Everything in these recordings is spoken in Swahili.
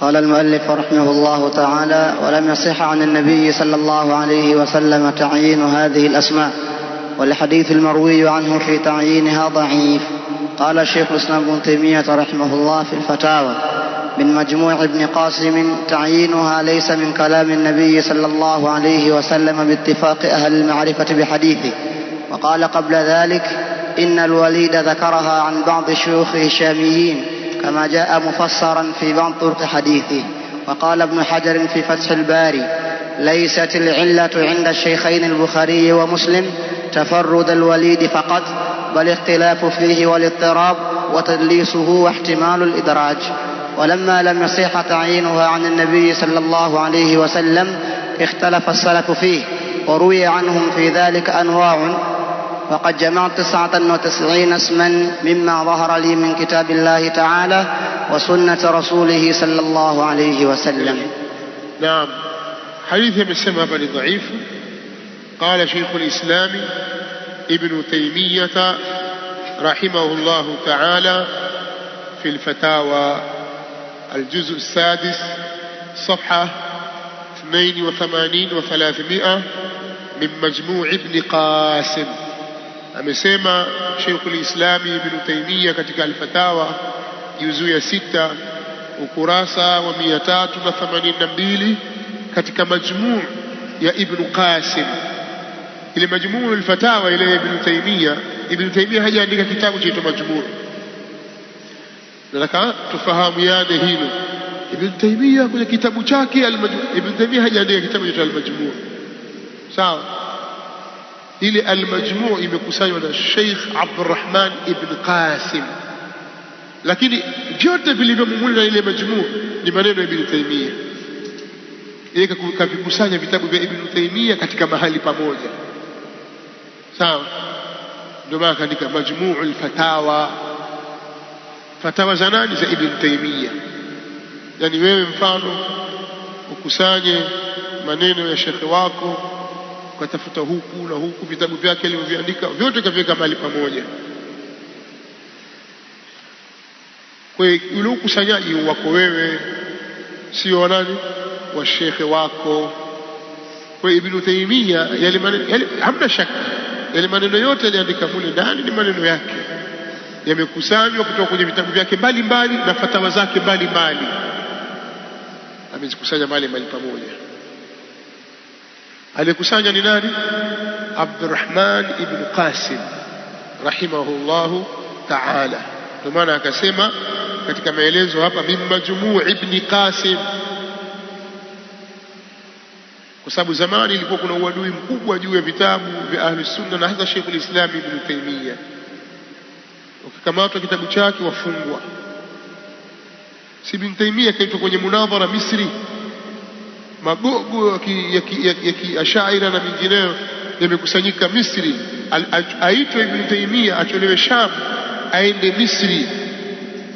قال المؤلف رحمه الله تعالى ولم يصح عن النبي صلى الله عليه وسلم تعيين هذه الأسماء والحديث المروي عنه في تعيينها ضعيف قال الشيخ الإسلام بن تيمية رحمه الله في الفتاوى من مجموع ابن قاسم تعيينها ليس من كلام النبي صلى الله عليه وسلم باتفاق أهل المعرفة بحديثه وقال قبل ذلك إن الوليد ذكرها عن بعض شيوخه الشاميين كما جاء مفسرا في بعض طرق حديثه وقال ابن حجر في فتح الباري ليست العلة عند الشيخين البخاري ومسلم تفرد الوليد فقط بل اختلاف فيه والاضطراب وتدليسه واحتمال الإدراج ولما لم يصح تعيينها عن النبي صلى الله عليه وسلم اختلف السلف فيه وروي عنهم في ذلك أنواع وقد جمعت تسعة وتسعين اسما مما ظهر لي من كتاب الله تعالى وسنة رسوله صلى الله عليه وسلم نعم حديث ابن بن ضعيف قال شيخ الإسلام ابن تيمية رحمه الله تعالى في الفتاوى الجزء السادس صفحة 82 و300 من مجموع ابن قاسم Amesema Sheikhul Islami Ibn Taymiyyah katika Alfatawa juzu ya sita ukurasa wa mia tatu na katika majmuu ya Ibnu Qasim, ile majmuu alfatawa ile Ibn Taymiyyah. Ibn Taymiyyah hajaandika kitabu chaitwa Majmuu, nataka tufahamiane hilo. Ibn Taymiyyah kwenye kitabu chake Ibn Taymiyyah hajaandika kitabu chaitwa Almajmuu, sawa ile almajmuu imekusanywa na Sheikh Abdurrahman ibn Qasim, lakini vyote vilivyomo na ile majmuu ni maneno ya Ibn Taymiyyah. Yeye kavikusanya vitabu vya Ibn Taymiyyah katika mahali pamoja, sawa. Ndio maana kaandika majmuu lfatawa Fatawa za nani? Za Ibn Taymiyyah. Yani wewe mfano ukusanye maneno ya shekhe wako ukatafuta huku na huku, vitabu vyake alivyoviandika vyote kaviweka mahali pamoja. Kwa hiyo ukusanyaji wako wewe, sio wanani washekhe wako. Kwa hiyo Ibnu Taimia yale maneno, hamna shaka yale maneno yote aliandika mule ndani ni maneno yake, yamekusanywa kutoka kwenye vitabu vyake mbalimbali na fatawa zake mbalimbali, amezikusanya mahali mahali pamoja. Aliyekusanya ni nani? Abdurrahman ibn Qasim llahu taala. Ndio maana akasema katika maelezo hapa, min majmuu ibni Qasim, kwa sababu zamani ilikuwa kuna uadui mkubwa juu ya vitabu vya Sunna na hasa Sheikhul Islam Ibn Taymiyyah, ukikamatwa kitabu chake wafungwa. Si Ibn Taymiyyah kaitwa kwenye munadhara Misri magogo ya kiashaira na mingineyo yamekusanyika Misri. Aitwe Ibn Taimia acholewe Sham aende Misri.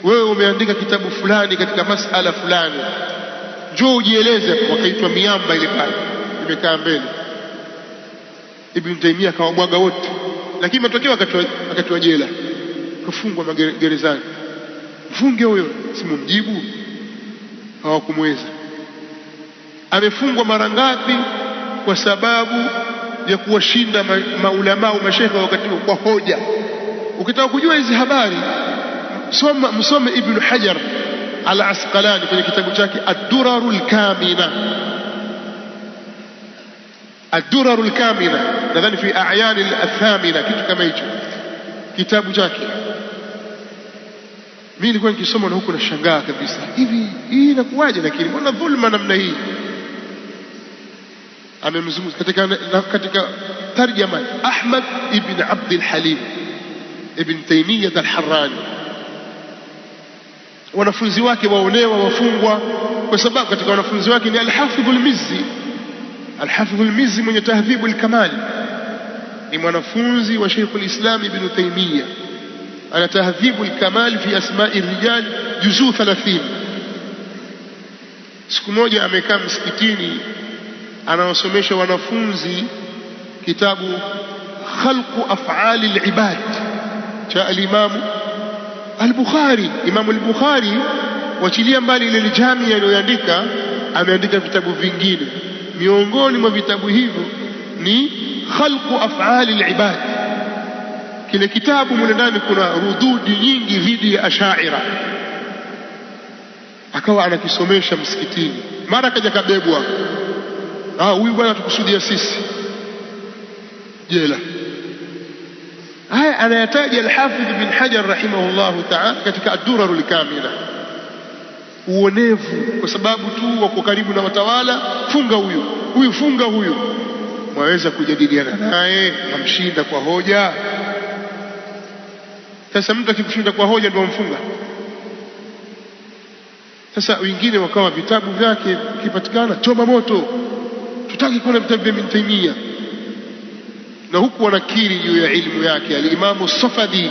Wewe umeandika kitabu fulani katika masala fulani, njoo ujieleze. Wakaitwa miamba ile pale imekaa mbele. Ibn Taimia akawabwaga wote, lakini matokeo akatiwa jela, kafungwa magerezani. Mfunge huyo simumjibu, hawakumweza amefungwa mara ngapi kwa sababu ya kuwashinda maulamaa au mashekhe wakati kwa hoja. Ukitaka kujua hizi habari, msome msome Ibnu Hajar al Asqalani kwenye kitabu chake ad lkamina Kamina, ad nadhani fi ayani al kitu kama hicho kitabu chake. Mimi nilikuwa nikisoma na huku nashangaa kabisa, hivi hii inakuwaje? Lakini mbona dhulma namna hii? amemzungumza katika, katika tarjama Ahmad ibn Abd al-Halim ibn Taymiyyah al-Harrani, wanafunzi wake waonewa, wafungwa, kwa sababu katika wanafunzi wake ni al-Hafidh al-Mizzi. Al-Hafidh al-Mizzi mwenye Tahdhibu al kamal ni mwanafunzi wa Sheikh al-Islam ibn Taymiyyah, ana Tahdhibu al kamal fi asma'i rijal juzuu 30. Siku moja amekaa msikitini anawasomesha wanafunzi kitabu khalqu af'ali al-ibad cha al-Imamu al-Bukhari. Imam al bukhari imam al bukhari wachilia mbali ile jamii aliyoandika, ameandika vitabu vingine. Miongoni mwa vitabu hivyo ni khalqu af'ali al-ibad. Kile kitabu mule ndani kuna rududi nyingi dhidi ya Ashaira, akawa anakisomesha msikitini, mara kaja kabebwa huyu bwana tukusudia sisi jela. Haya anayataja Alhafidh bin Hajar rahimahullahu taala katika Ad-Durarul Kamila, uonevu kwa sababu tu wako karibu na watawala, funga huyu huyu, funga huyu, mwaweza kujadiliana naye namshinda kwa hoja. Sasa mtu akikushinda kwa hoja ndio mfunga. Sasa wengine wakawa vitabu vyake ukipatikana choma moto. hatutaki kule mtambi vitabu vya na huku wanakiri juu ya ilmu yake Alimamu Safadi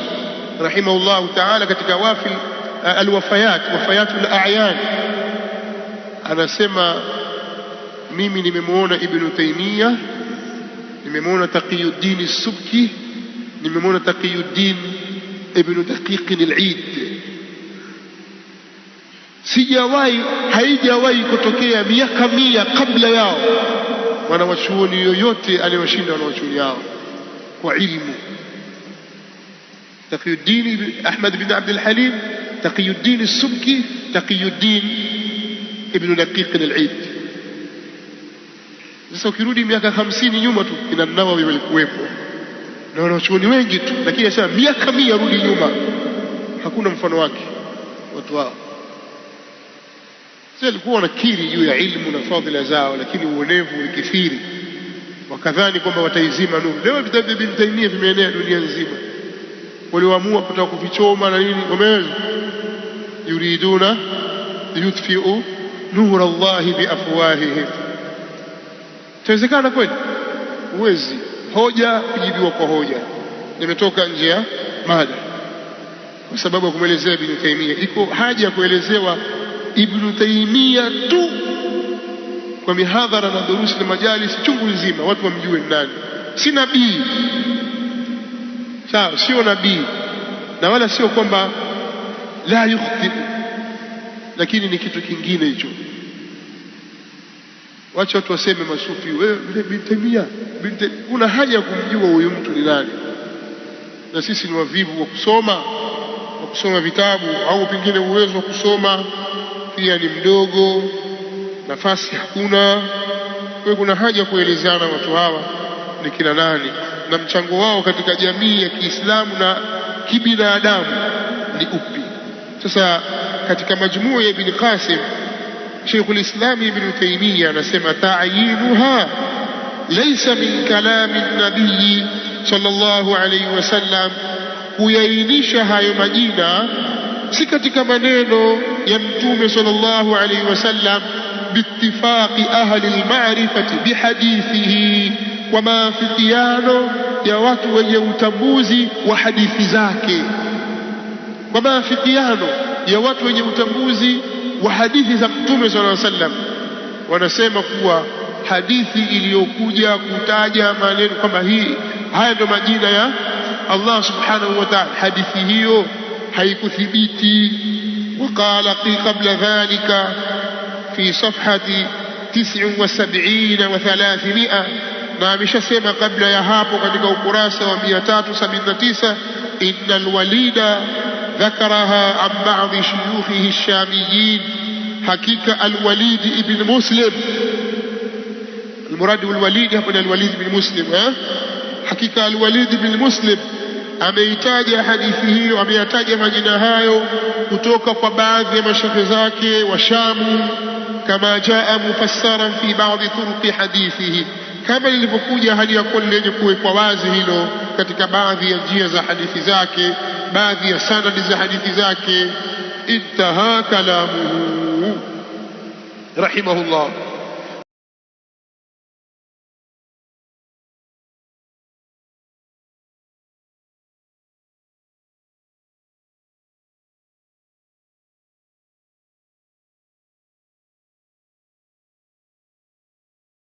rahimahullahu taala katika wafil alwafayat wafayatul a'yan anasema, mimi nimemwona Ibnu Taimia, nimemwona Taqiyuddin Subki, nimemwona Taqiyuddin Ibnu Daqiqin al-Eid. Sijawahi, haijawahi kutokea miaka mia kabla yao wanawachuoni yoyote aliyowashinda wanawachuoni hao kwa ilmu. Taqiyuddin Ahmad bin Abdul Halim, Taqiyuddin Subki, Taqiyuddin ibn Daqiq al-Eid. Sasa ukirudi miaka hamsini nyuma tu kina Nawawi walikuwepo na wanawachuoni wengi tu, lakini anasema miaka mia rudi nyuma, hakuna mfano wake watu wao alikuwa wanakiri juu ya ilmu na fadhila zao, lakini uonevu ulikithiri, wakadhani kwamba wataizima nuru. Leo vitabu vya Ibn vimeenea dunia nzima, walioamua kutaka kuvichoma na nini wameweza. yuriduna yutfiu nura llahi biafwahihim. tawezekana kweli? uwezi Hoja kujibiwa kwa hoja, nimetoka nje ya mada kwa sababu ya kumwelezea Ibn Iko haja ya kuelezewa Ibn Taimia tu kwa mihadhara na durusi na majalis chungu nzima, watu wamjue ni nani. Si nabii sawa, sio nabii na wala sio kwamba la yukhti, lakini ni kitu kingine hicho. Wacha watu waseme masufi, wewe Ibnu Taimia, kuna haja ya kumjua huyu mtu ni nani? Na sisi ni wavivu wa kusoma wa kusoma vitabu au pengine uwezo wa kusoma pia ni mdogo, nafasi hakuna. Kwa kuna haja kuelezana watu hawa ni kina nani na mchango wao katika jamii ya Kiislamu na kibinadamu ni upi? Sasa katika majmuu ya Ibn Qasim Sheikhul Islam Ibn Taymiyyah anasema ta'yinuha laysa min kalami nabii sallallahu alayhi wasallam, kuyainisha hayo majina si katika maneno ya Mtume sallallahu alaihi wasallam bitifaqi ahli lmarifati bihadithihi, kwa maafikiano ya watu wenye utambuzi wa hadithi zake, kwa maafikiano ya watu wenye utambuzi wa hadithi za Mtume sallallahu alaihi wasallam, wanasema kuwa hadithi iliyokuja kutaja maneno kwamba hii haya ndo majina ya Allah subhanahu wa ta'ala, hadithi hiyo haikuthibiti قال قبل ذلك في صفحة تسع وسبعين وثلاثمائة ما نعم، مش سيما قبل يهاب وقدق القراسة وبيتات سبين نتيسة إن الوليد ذكرها عن بعض شيوخه الشاميين حقيقة الوليد ابن مسلم المراد الوليد هو الوليد بن مسلم حقيقة الوليد بن مسلم ameitaja hadithi hiyo, ameyataja majina hayo kutoka kwa baadhi ya mashehe zake wa Shamu, kama jaa mufassara fi baadhi turuqi hadithihi, kama lilivyokuja hali ya kuwa lenye kuwekwa wazi hilo katika baadhi ya njia za hadithi zake, baadhi ya sanadi za hadithi zake. Intaha kalamuhu rahimahullah.